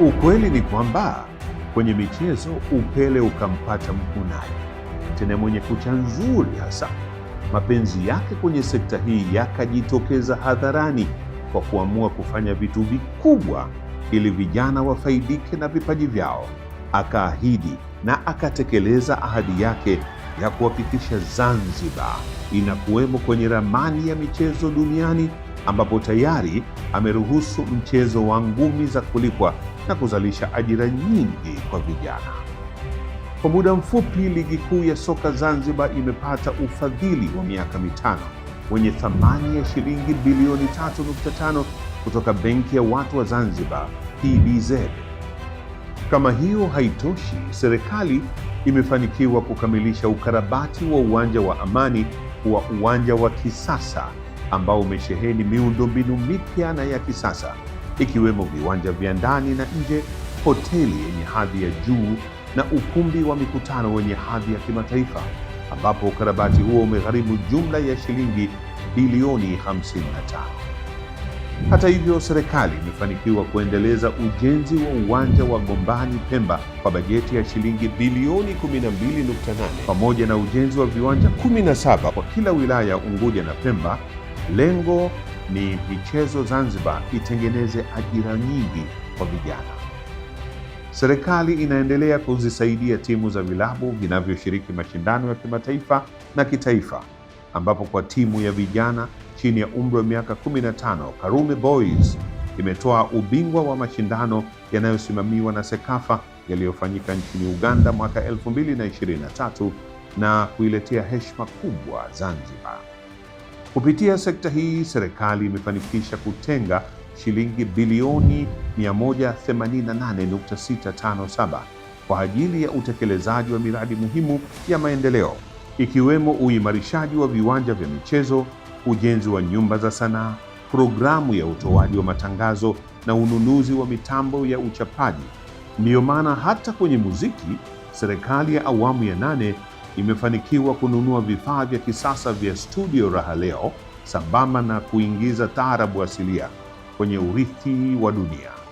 Ukweli ni kwamba kwenye michezo upele ukampata Mkunaji, tena mwenye kucha nzuri hasa. Mapenzi yake kwenye sekta hii yakajitokeza hadharani kwa kuamua kufanya vitu vikubwa ili vijana wafaidike na vipaji vyao. Akaahidi na akatekeleza ahadi yake ya kuhakikisha Zanzibar inakuwemo kwenye ramani ya michezo duniani ambapo tayari ameruhusu mchezo wa ngumi za kulipwa na kuzalisha ajira nyingi kwa vijana. Kwa muda mfupi, ligi kuu ya soka Zanzibar imepata ufadhili wa miaka mitano wenye thamani ya shilingi bilioni 3.5 kutoka benki ya watu wa Zanzibar, PBZ. Kama hiyo haitoshi, serikali imefanikiwa kukamilisha ukarabati wa uwanja wa Amani kuwa uwanja wa kisasa ambao umesheheni miundombinu mipya na ya kisasa ikiwemo viwanja vya ndani na nje, hoteli yenye hadhi ya juu na ukumbi wa mikutano wenye hadhi ya kimataifa, ambapo ukarabati huo umegharimu jumla ya shilingi bilioni 55. Hata hivyo, serikali imefanikiwa kuendeleza ujenzi wa uwanja wa Gombani Pemba kwa bajeti ya shilingi bilioni 12.8 pamoja na ujenzi wa viwanja 17 kwa kila wilaya ya Unguja na Pemba, lengo ni michezo Zanzibar itengeneze ajira nyingi kwa vijana. Serikali inaendelea kuzisaidia timu za vilabu vinavyoshiriki mashindano ya kimataifa na kitaifa, ambapo kwa timu ya vijana chini ya umri wa miaka 15 Karume Boys imetoa ubingwa wa mashindano yanayosimamiwa na Sekafa yaliyofanyika nchini Uganda mwaka 2023 na kuiletea heshima kubwa Zanzibar. Kupitia sekta hii, serikali imefanikisha kutenga shilingi bilioni 188.657 kwa ajili ya utekelezaji wa miradi muhimu ya maendeleo ikiwemo uimarishaji wa viwanja vya michezo, ujenzi wa nyumba za sanaa, programu ya utoaji wa matangazo na ununuzi wa mitambo ya uchapaji. Ndiyo maana hata kwenye muziki serikali ya awamu ya nane imefanikiwa kununua vifaa vya kisasa vya studio raha leo sambamba na kuingiza taarabu asilia kwenye urithi wa dunia.